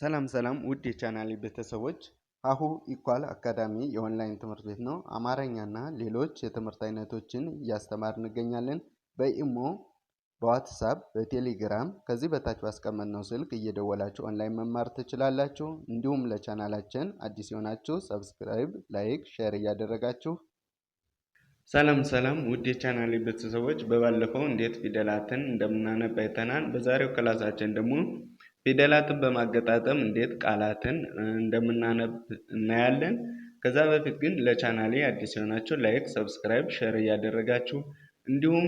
ሰላም ሰላም ውድ የቻናሌ ቤተሰቦች ሀሁ ኢኳል አካዳሚ የኦንላይን ትምህርት ቤት ነው። አማረኛና ሌሎች የትምህርት አይነቶችን እያስተማር እንገኛለን። በኢሞ፣ በዋትሳፕ፣ በቴሌግራም ከዚህ በታች ባስቀመጥነው ስልክ እየደወላችሁ ኦንላይን መማር ትችላላችሁ። እንዲሁም ለቻናላችን አዲስ የሆናችሁ ሰብስክራይብ፣ ላይክ፣ ሼር እያደረጋችሁ ሰላም ሰላም ውድ የቻናሌ ቤተሰቦች በባለፈው እንዴት ፊደላትን እንደምናነብ አይተናል። በዛሬው ክላሳችን ደግሞ ፊደላትን በማገጣጠም እንዴት ቃላትን እንደምናነብ እናያለን። ከዛ በፊት ግን ለቻናሌ አዲስ የሆናችሁ ላይክ፣ ሰብስክራይብ፣ ሼር እያደረጋችሁ እንዲሁም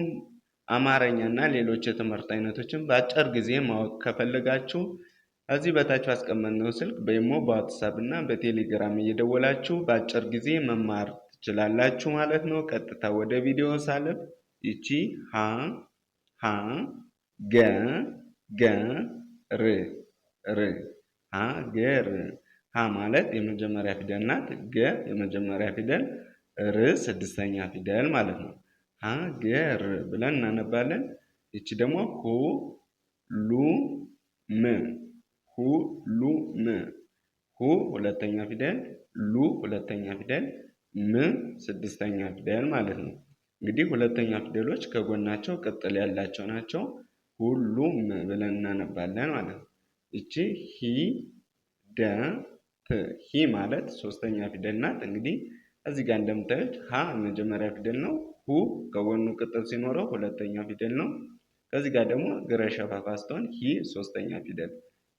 አማረኛ እና ሌሎች የትምህርት አይነቶችን በአጭር ጊዜ ማወቅ ከፈለጋችሁ ከዚህ በታች አስቀመጥነው ስልክ በኢሞ በዋትሳፕ እና በቴሌግራም እየደወላችሁ በአጭር ጊዜ መማር ትችላላችሁ ማለት ነው። ቀጥታ ወደ ቪዲዮ ሳለፍ ይቺ ሀ ሀ ገ ገ ር ር ሀገር ሀ ማለት የመጀመሪያ ፊደል ናት። ገ የመጀመሪያ ፊደል፣ ር ስድስተኛ ፊደል ማለት ነው። ሀገር ብለን እናነባለን። ይቺ ደግሞ ሁ ሉ ም ሁ ሉ ም ሁ ሁለተኛ ፊደል፣ ሉ ሁለተኛ ፊደል፣ ም ስድስተኛ ፊደል ማለት ነው። እንግዲህ ሁለተኛ ፊደሎች ከጎናቸው ቅጥል ያላቸው ናቸው። ሁሉም ብለን እናነባለን ማለት ነው። ይቺ ሂ ደ ት ሂ ማለት ሶስተኛ ፊደል ናት። እንግዲህ እዚህ ጋር እንደምታዩት ሀ መጀመሪያ ፊደል ነው። ሁ ከጎኑ ቅጥል ሲኖረው ሁለተኛ ፊደል ነው። ከዚህ ጋር ደግሞ ግረ ሸፋፋ ስትሆን ሂ ሶስተኛ ፊደል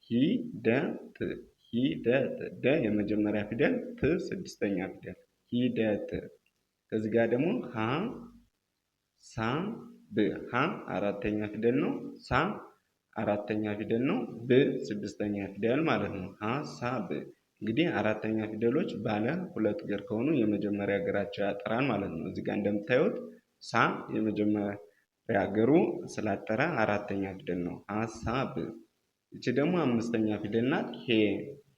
ሂ ደ ት ሂ ደ ት ደ የመጀመሪያ ፊደል ት ስድስተኛ ፊደል ሂደት ከዚህ ጋር ደግሞ ሀ ሳ ብ ሀ አራተኛ ፊደል ነው። ሳ አራተኛ ፊደል ነው። ብ ስድስተኛ ፊደል ማለት ነው። ሀ ሳ ብ እንግዲህ አራተኛ ፊደሎች ባለ ሁለት እግር ከሆኑ የመጀመሪያ እግራቸው ያጠራል ማለት ነው። እዚህ ጋር እንደምታዩት ሳ የመጀመሪያ እግሩ ስላጠረ አራተኛ ፊደል ነው። ብ ይቺ ደግሞ አምስተኛ ፊደል ናት። ሄ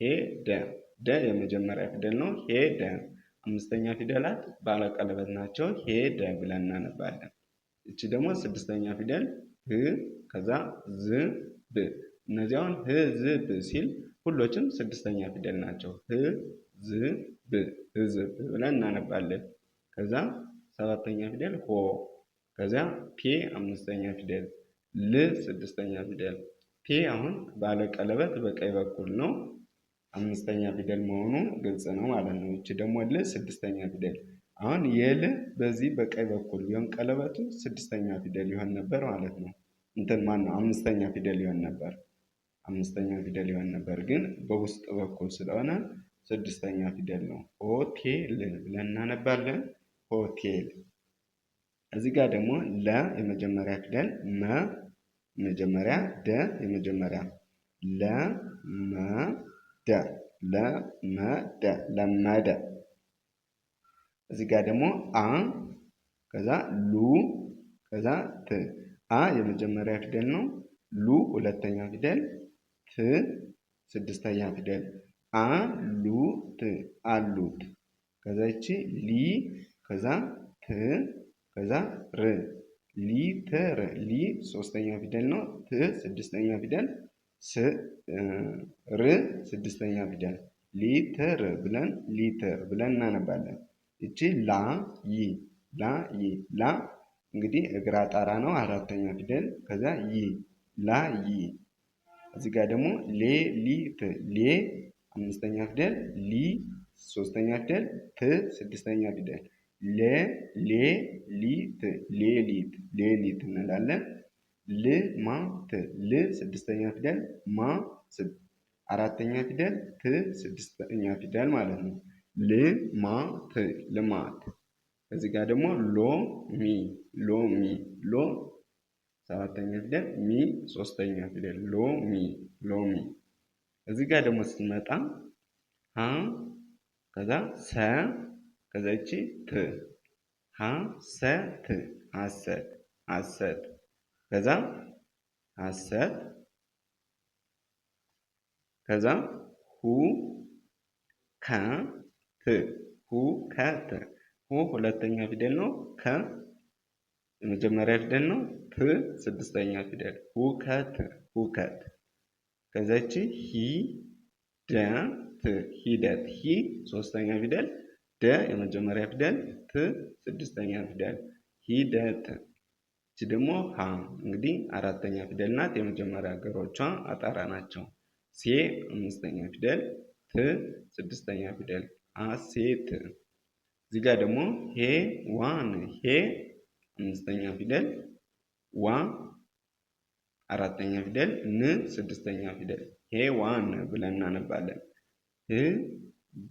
ሄ ደ ደ የመጀመሪያ ፊደል ነው። ሄ ደ አምስተኛ ፊደላት ባለ ቀለበት ናቸው። ሄ ደ ብለን እናነባለን። እቺ ደግሞ ስድስተኛ ፊደል ህ ከዛ ዝ ብ እነዚያውን ህ ዝ ብ ሲል ሁሎችም ስድስተኛ ፊደል ናቸው። ህ ዝ ብ ህዝብ ብለን እናነባለን። ከዛ ሰባተኛ ፊደል ሆ ከዚያ ፔ አምስተኛ ፊደል ል ስድስተኛ ፊደል ፔ አሁን ባለ ቀለበት በቀኝ በኩል ነው። አምስተኛ ፊደል መሆኑ ግልጽ ነው ማለት ነው። ይቺ ደግሞ ል ስድስተኛ ፊደል አሁን የል በዚህ በቀኝ በኩል ቢሆን ቀለበቱ ስድስተኛ ፊደል ይሆን ነበር ማለት ነው። እንትን ማን ነው አምስተኛ ፊደል ይሆን ነበር። አምስተኛ ፊደል ይሆን ነበር፣ ግን በውስጥ በኩል ስለሆነ ስድስተኛ ፊደል ነው። ሆቴል ብለን እናነባለን። ሆቴል። እዚህ ጋር ደግሞ ለ የመጀመሪያ ፊደል፣ መ የመጀመሪያ፣ ደ የመጀመሪያ፣ ለ ለመደ ለመደ እዚህ ጋር ደግሞ አ ከዛ ሉ ከዛ ት። አ የመጀመሪያ ፊደል ነው። ሉ ሁለተኛ ፊደል፣ ት ስድስተኛ ፊደል። አ ሉ ት አሉት። ከዛ ይቺ ሊ ከዛ ት ከዛ ር ሊትር ሊ ሶስተኛ ፊደል ነው። ት ስድስተኛ ፊደል፣ ር ስድስተኛ ፊደል። ሊትር ብለን ሊትር ብለን እናነባለን። እቺ ላ ይ ላ ይ ላ እንግዲህ እግራ ጣራ ነው አራተኛ ፊደል። ከዛ ይ ላ ይ እዚህ ጋር ደግሞ ሌ ሊት ሌ አምስተኛ ፊደል ሊ ሶስተኛ ፊደል ት ስድስተኛ ፊደል ሌ ሌ ሊት ሌሊት ሌሊት እንላለን። ል ማ ት ል ስድስተኛ ፊደል ማ አራተኛ ፊደል ት ስድስተኛ ፊደል ማለት ነው። ልማት ልማት እዚህ ጋር ደግሞ ሎሚ ሎሚ ሎ ሰባተኛ ፊደል ሚ ሶስተኛ ፊደል ሎሚ ሎሚ። እዚህ ጋር ደግሞ ስትመጣ ሀ ከዛ ሰ ከዛ ይቺ ት ሀ ሰ ት ሀሰት ሀሰት ከዛ ሀሰት ከዛ ሁ ከ ሁ ከተ ሁ ሁለተኛ ፊደል ነው። ከ የመጀመሪያ ፊደል ነው። ት ስድስተኛ ፊደል ሁከት ሁከት። ከዛች ሂ ደ ት ሂደት። ሂ ሶስተኛ ፊደል፣ ደ የመጀመሪያ ፊደል፣ ት ስድስተኛ ፊደል ሂደት። እቺ ደግሞ ሀ እንግዲህ አራተኛ ፊደል ናት። የመጀመሪያ ሀገሮቿ አጣራ ናቸው። ሴ አምስተኛ ፊደል፣ ት ስድስተኛ ፊደል አሴት። እዚህ ጋር ደግሞ ሄ ዋን ሄ አምስተኛ ፊደል ዋ አራተኛ ፊደል ን ስድስተኛ ፊደል ሄ ዋን ብለን እናነባለን። ህ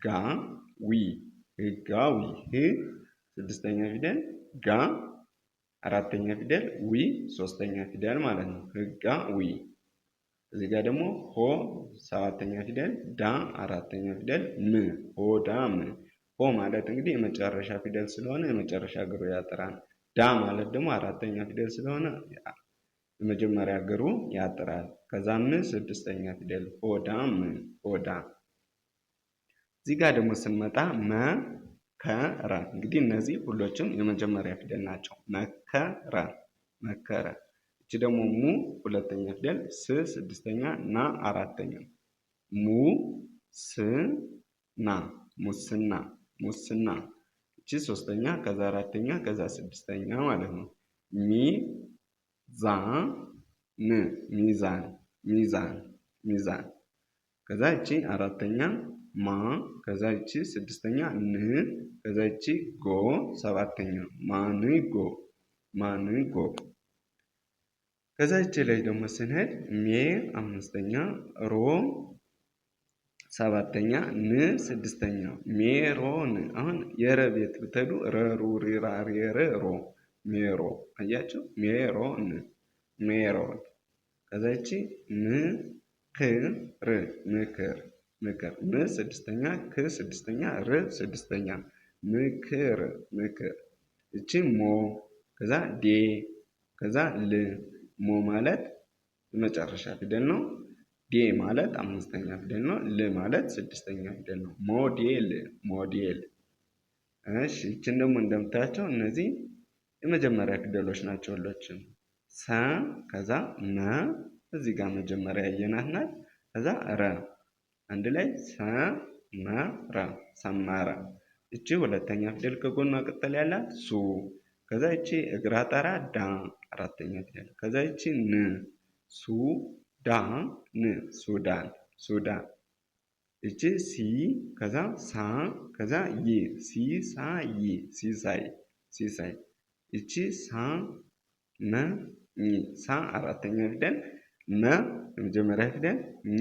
ጋ ዊ ህጋዊ ህ ስድስተኛ ፊደል ጋ አራተኛ ፊደል ዊ ሶስተኛ ፊደል ማለት ነው። ህጋዊ እዚህ ጋር ደግሞ ሆ ሰባተኛ ፊደል ዳ አራተኛ ፊደል ም ሆ ዳ ም። ሆ ማለት እንግዲህ የመጨረሻ ፊደል ስለሆነ የመጨረሻ እግሩ ያጥራል። ዳ ማለት ደግሞ አራተኛ ፊደል ስለሆነ የመጀመሪያ እግሩ ያጥራል። ከዛ ም ስድስተኛ ፊደል ሆ ዳ ም ሆ ዳ። እዚህ ጋር ደግሞ ስንመጣ መ እንግዲህ እነዚህ ሁሎችም የመጀመሪያ ፊደል ናቸው። መከረ መከረ እቺ ደግሞ ሙ ሁለተኛ ፊደል፣ ስ ስድስተኛ፣ ና አራተኛ። ሙ ስ ና ሙስና ሙስና። እቺ ሶስተኛ፣ ከዛ አራተኛ፣ ከዛ ስድስተኛ ማለት ነው። ሚ ዛ ን ሚዛን ሚዛን ሚዛን። ከዛ እቺ አራተኛ ማ ከዛ እቺ ስድስተኛ ን ከዛ እቺ ጎ ሰባተኛ ማን ጎ ማን ጎ ከዛ ይቺ ላይ ደግሞ ስንሄድ ሜ አምስተኛ፣ ሮ ሰባተኛ፣ ን ስድስተኛ፣ ሜሮን። አሁን የረ ቤት ብትሄዱ ረሩ ሪራር የረ ሮ ሜሮ። አያችሁ? ሜሮን ሜሮን። ከዛ ይቺ ክር ምክር ምክር ም ስድስተኛ ክ ስድስተኛ ር ስድስተኛ ምክር ምክር። እቺ ሞ ከዛ ዴ ከዛ ል ሞ ማለት የመጨረሻ ፊደል ነው። ዴ ማለት አምስተኛ ፊደል ነው። ል ማለት ስድስተኛ ፊደል ነው። ሞዴል ሞዴል። እሺ ይችን ደግሞ እንደምታያቸው እነዚህ የመጀመሪያ ፊደሎች ናቸው። ሁሎችም ሰ ከዛ መ እዚህ ጋር መጀመሪያ ያየናት ናት። ከዛ ረ አንድ ላይ ረ ሰመረ። እቺ ሁለተኛ ፊደል ከጎኗ ቅጠል ያላት ሱ ከዛ ይቺ እግራ ጠራ ዳ አራተኛ ፊደል። ከዛ ይቺ ን ሱ ዳ ን ሱዳን ሱዳን። እቺ ሲ ከዛ ሳ ከዛ ይ ሲ ሳ ይ ሲሳይ ሲሳይ። እቺ ሳ መ ኝ ሳ አራተኛ ፊደል መ የመጀመሪያ ፊደል ኝ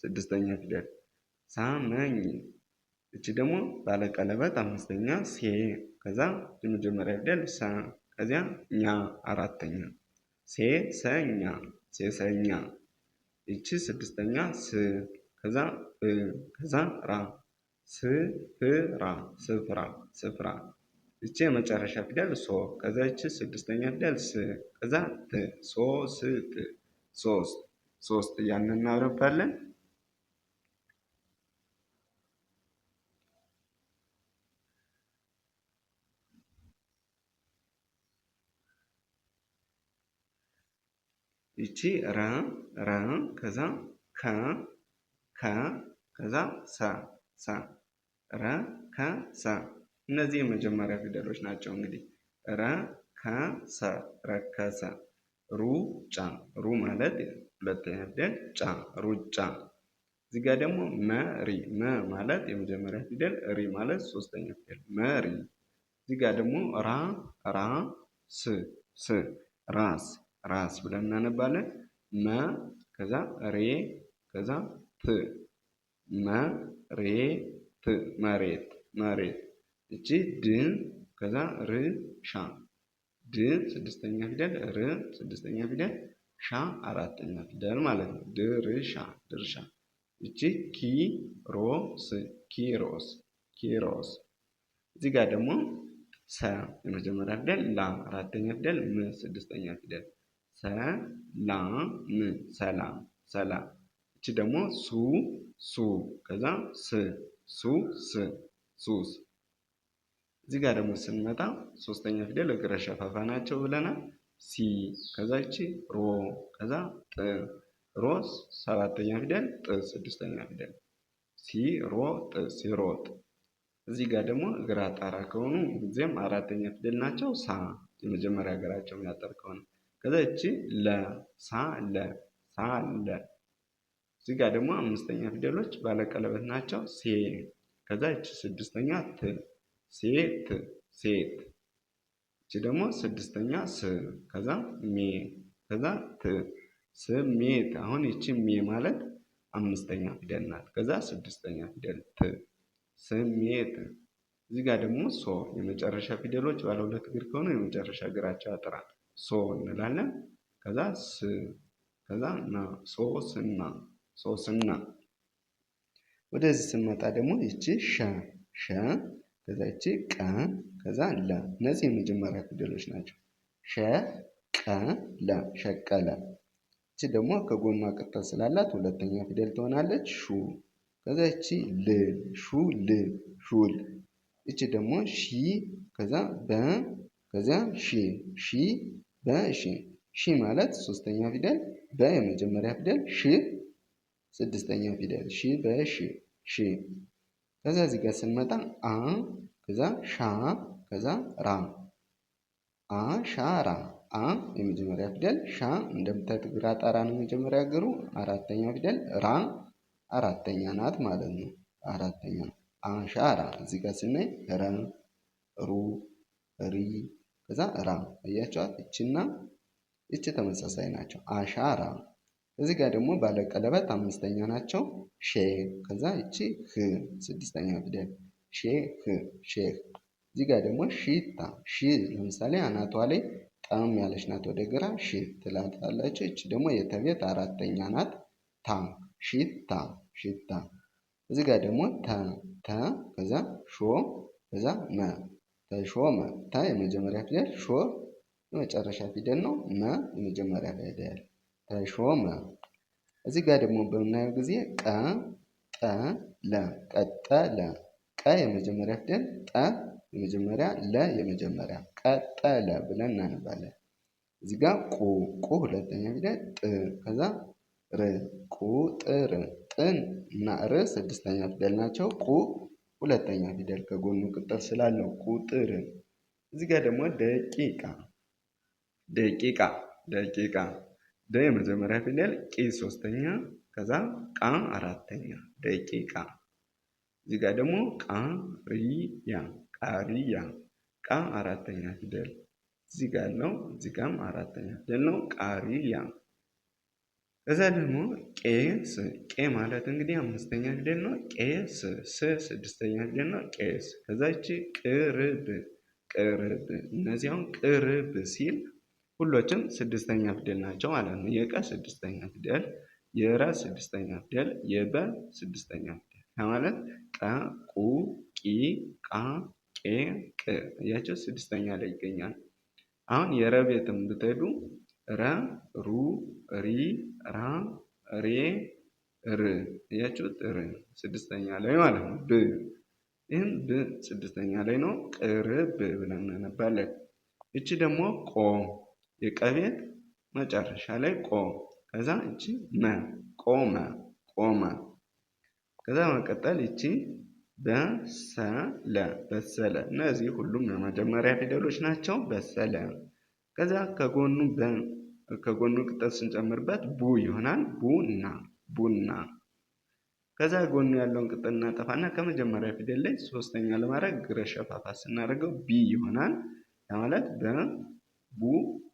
ስድስተኛ ፊደል ሳመኝ እቺ ደግሞ ባለቀለበት አምስተኛ ሴ ከዛ የመጀመሪያ ፊደል ሰ ከዚያ ኛ አራተኛ ሴ ሰኛ ሴ ሰኛ። እቺ ስድስተኛ ስ ከዛ እ ከዛ ራ ስፍራ ስፍራ ስፍራ እቺ የመጨረሻ ፊደል ሶ ከዛ እቺ ስድስተኛ ፊደል ስ ከዛ ት ሶ ሶስት ሶስት ሶስት እያልን እናነባለን። ይቺ ረ ረ ከዛ ከ ከ ከዛ ሰ ሰ ረ ከ ሰ እነዚህ የመጀመሪያ ፊደሎች ናቸው። እንግዲህ ረ ከ ሰ ረከሰ። ሩጫ ሩ ማለት ሁለተኛ ፊደል ጫ ሩጫ። እዚህ ጋር ደግሞ መሪ መ ማለት የመጀመሪያ ፊደል ሪ ማለት ሶስተኛ ፊደል መሪ። እዚህ ጋር ደግሞ ራ ራ ስ ስ ራስ ራስ ብለን እናነባለን። መ ከዛ ሬ ከዛ ት መሬት መሬት መሬት። እቺ ድ ከዛ ር ሻ ድ ስድስተኛ ፊደል ር ስድስተኛ ፊደል ሻ አራተኛ ፊደል ማለት ነው። ድርሻ ድርሻ። እቺ ኪሮስ ኪሮስ ኪሮስ። እዚህ ጋር ደግሞ ሰ የመጀመሪያ ፊደል ላ አራተኛ ፊደል ም ስድስተኛ ፊደል ሰላም ሰላም ሰላም። እቺ ደግሞ ሱ ሱ ከዛ ስ ሱ ስ ሱስ። እዚህ ጋር ደግሞ ስንመጣ ሶስተኛ ፊደል እግረ ሸፋፋ ናቸው ብለናል። ሲ ከዛ እቺ ሮ ከዛ ጥ ሮስ ሰባተኛ ፊደል ጥ ስድስተኛ ፊደል ሲሮጥ ሲሮጥ። እዚህ ጋር ደግሞ እግር አጣራ ከሆኑ ጊዜም አራተኛ ፊደል ናቸው። ሳ የመጀመሪያ እግራቸው የሚያጠር ከሆነ ከዛ እቺ ለ ሳ ለ ሳ ለ እዚህ ጋር ደግሞ አምስተኛ ፊደሎች ባለቀለበት ናቸው። ሴ ከዛ እቺ ስድስተኛ ት ሴት ሴት እቺ ደግሞ ስድስተኛ ስ ከዛ ሜ ከዛ ት ስሜት። አሁን እቺ ሜ ማለት አምስተኛ ፊደል ናት። ከዛ ስድስተኛ ፊደል ት ስሜት። እዚህ ጋር ደግሞ ሶ የመጨረሻ ፊደሎች ባለ ሁለት እግር ከሆኑ የመጨረሻ እግራቸው ያጥራል። ሶ እንላለን። ከዛ ስ ከዛ ና ሶ ስና ወደዚህ ስንመጣ ደግሞ ይቺ ሸ ሸ ከዛ ይቺ ቀ ከዛ ለ። እነዚህ የመጀመሪያ ፊደሎች ናቸው። ሸ ቀ ለ ሸቀለ። ይቺ ደግሞ ከጎኗ ቅጠል ስላላት ሁለተኛ ፊደል ትሆናለች። ሹ ከዛ ይቺ ል ሹ ል ሹል። ይቺ ደግሞ ሺ ከዛ በ ከዚያ ሺ ሺ በሺ ሺ ማለት ሶስተኛ ፊደል በ የመጀመሪያ ፊደል ሺ ስድስተኛ ፊደል ሺ በሺ ሺ። ከዛ እዚህ ጋር ስንመጣ አ ከዛ ሻ ከዛ ራ አ ሻ ራ አ የመጀመሪያ ፊደል ሻ እንደምታዩት ግራ ጣራ ነው የመጀመሪያ እግሩ። አራተኛ ፊደል ራ አራተኛ ናት ማለት ነው። አራተኛ አሻራ እዚህ ጋር ስናይ ረ ሩ ሪ ከዛ ራ አያቸዋት እችና እች ተመሳሳይ ናቸው። አሻራ እዚህ ጋር ደግሞ ባለቀለበት አምስተኛ ናቸው። ሼ ከዛ እቺ ህ ስድስተኛ ፊደል ሼ ህ ሼህ። እዚህ ጋር ደግሞ ሺታ ሺ ለምሳሌ አናቷ ላይ ጣም ያለች ናት። ወደ ግራ ሺ ትላታላቸው። እቺ ደግሞ የተቤት አራተኛ ናት። ታ ሺታ ሺታ። እዚህ ጋር ደግሞ ተ ተ ከዛ ሾ ከዛ መ ሾ መ ታ የመጀመሪያ ፊደል ሾ የመጨረሻ ፊደል ነው። መ የመጀመሪያ ፊደል ተሾመ። እዚህ ጋር ደግሞ በምናየው ጊዜ ቀ ጠ ለ ቀጠለ። ቀ የመጀመሪያ ፊደል ጠ የመጀመሪያ ለ የመጀመሪያ ቀጠለ ብለን እናነባለን። እዚህ ጋር ቁ ቁ ሁለተኛ ፊደል ጥ ከዛ ር ቁጥር ጥን እና ር ስድስተኛ ፊደል ናቸው ቁ ሁለተኛ ፊደል ከጎኑ ቅጥል ስላለው ቁጥርን። እዚህ ጋር ደግሞ ደቂቃ ደቂቃ ደቂቃ ደ የመጀመሪያ ፊደል ቂ ሶስተኛ ከዛ ቃ አራተኛ ደቂቃ። እዚህ ጋር ደግሞ ቃሪያ ቃሪያ ቃ አራተኛ ፊደል እዚህ ጋር ያለው እዚህ ጋም አራተኛ ፊደል ነው። ቃሪያ እዛ ደግሞ ቄስ ቄ ማለት እንግዲህ አምስተኛ ፊደል ነው። ቄስ ስ ስድስተኛ ፊደል ነው። ቄስ ከዛች ቅርብ ቅርብ እነዚያውን ቅርብ ሲል ሁሎችም ስድስተኛ ፊደል ናቸው ማለት ነው። የቀ ስድስተኛ ፊደል፣ የራ ስድስተኛ ፊደል፣ የበ ስድስተኛ ፊደል ማለት ቀ፣ ቁ፣ ቂ፣ ቃ፣ ቄ፣ ቅ እያቸው ስድስተኛ ላይ ይገኛል። አሁን የረ ቤትም ብትሄዱ ረ ሩ ሪ ራ ሬ ር እያችሁት ር ስድስተኛ ላይ ማለት ነው። ብ ይህም ብ ስድስተኛ ላይ ነው። ቅርብ ብለን እናነባለን። እቺ ደግሞ ቆ የቀቤት መጨረሻ ላይ ቆ ከዛ እቺ መ ቆመ ቆመ ከዛ መቀጠል እቺ በሰለ በሰለ። እነዚህ ሁሉም የመጀመሪያ ፊደሎች ናቸው። በሰለ ከዚያ ከጎኑ ከጎኑ ቅጠል ስንጨምርበት ቡ ይሆናል። ቡና ቡና። ከዛ ጎኑ ያለውን ቅጠል እናጠፋና ከመጀመሪያ ፊደል ላይ ሶስተኛ ለማድረግ ግረ ሸፋፋ ስናደርገው ቢ ይሆናል። ያ ማለት በቡ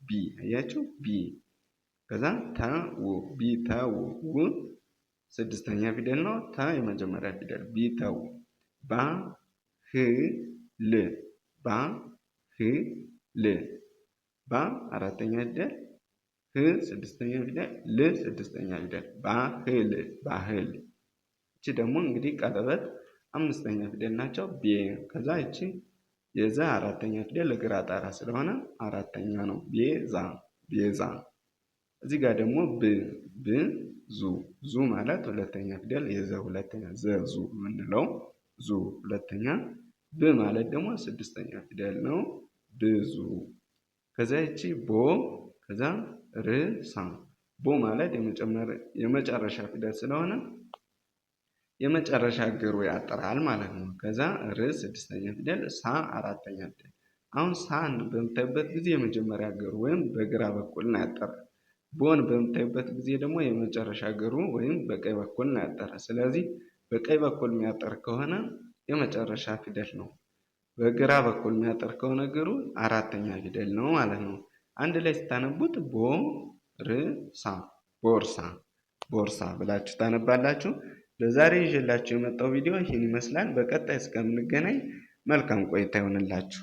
ቢ አያችሁ፣ ቢ ከዛ ው ቢ ተ ው ስድስተኛ ፊደል ነው። ተ የመጀመሪያ ፊደል ቢ ው ባ ህ ል ባ ህ ል ባ አራተኛ ፊደል፣ ህ ስድስተኛ ፊደል፣ ል ስድስተኛ ፊደል። ባህል ባህል። እቺ ደግሞ እንግዲህ ቀለበት አምስተኛ ፊደል ናቸው። ቤ ከዛ እቺ የዛ አራተኛ ፊደል እግር ጣራ ስለሆነ አራተኛ ነው። ቤዛ ቤዛ። እዚህ ጋር ደግሞ ብ ብ ዙ ዙ ማለት ሁለተኛ ፊደል የዘ ሁለተኛ ዘ ዙ የምንለው ዙ ሁለተኛ። ብ ማለት ደግሞ ስድስተኛ ፊደል ነው። ብዙ ከዛ ይቺ ቦ ከዛ ርሳ ቦ ማለት የመጨረሻ ፊደል ስለሆነ የመጨረሻ እግሩ ያጠራል ማለት ነው። ከዛ ር ስድስተኛ ፊደል፣ ሳ አራተኛ ፊደል። አሁን ሳን በምታይበት ጊዜ የመጀመሪያ እግሩ ወይም በግራ በኩል ነው ያጠረ። ቦን በምታይበት ጊዜ ደግሞ የመጨረሻ እግሩ ወይም በቀኝ በኩል ነው ያጠረ። ስለዚህ በቀኝ በኩል የሚያጠር ከሆነ የመጨረሻ ፊደል ነው። በግራ በኩል የሚያጠርከው ነገሩ አራተኛ ፊደል ነው ማለት ነው። አንድ ላይ ስታነቡት ቦርሳ ቦርሳ ቦርሳ ብላችሁ ታነባላችሁ። ለዛሬ ይዤላችሁ የመጣው ቪዲዮ ይህን ይመስላል። በቀጣይ እስከምንገናኝ መልካም ቆይታ ይሆንላችሁ።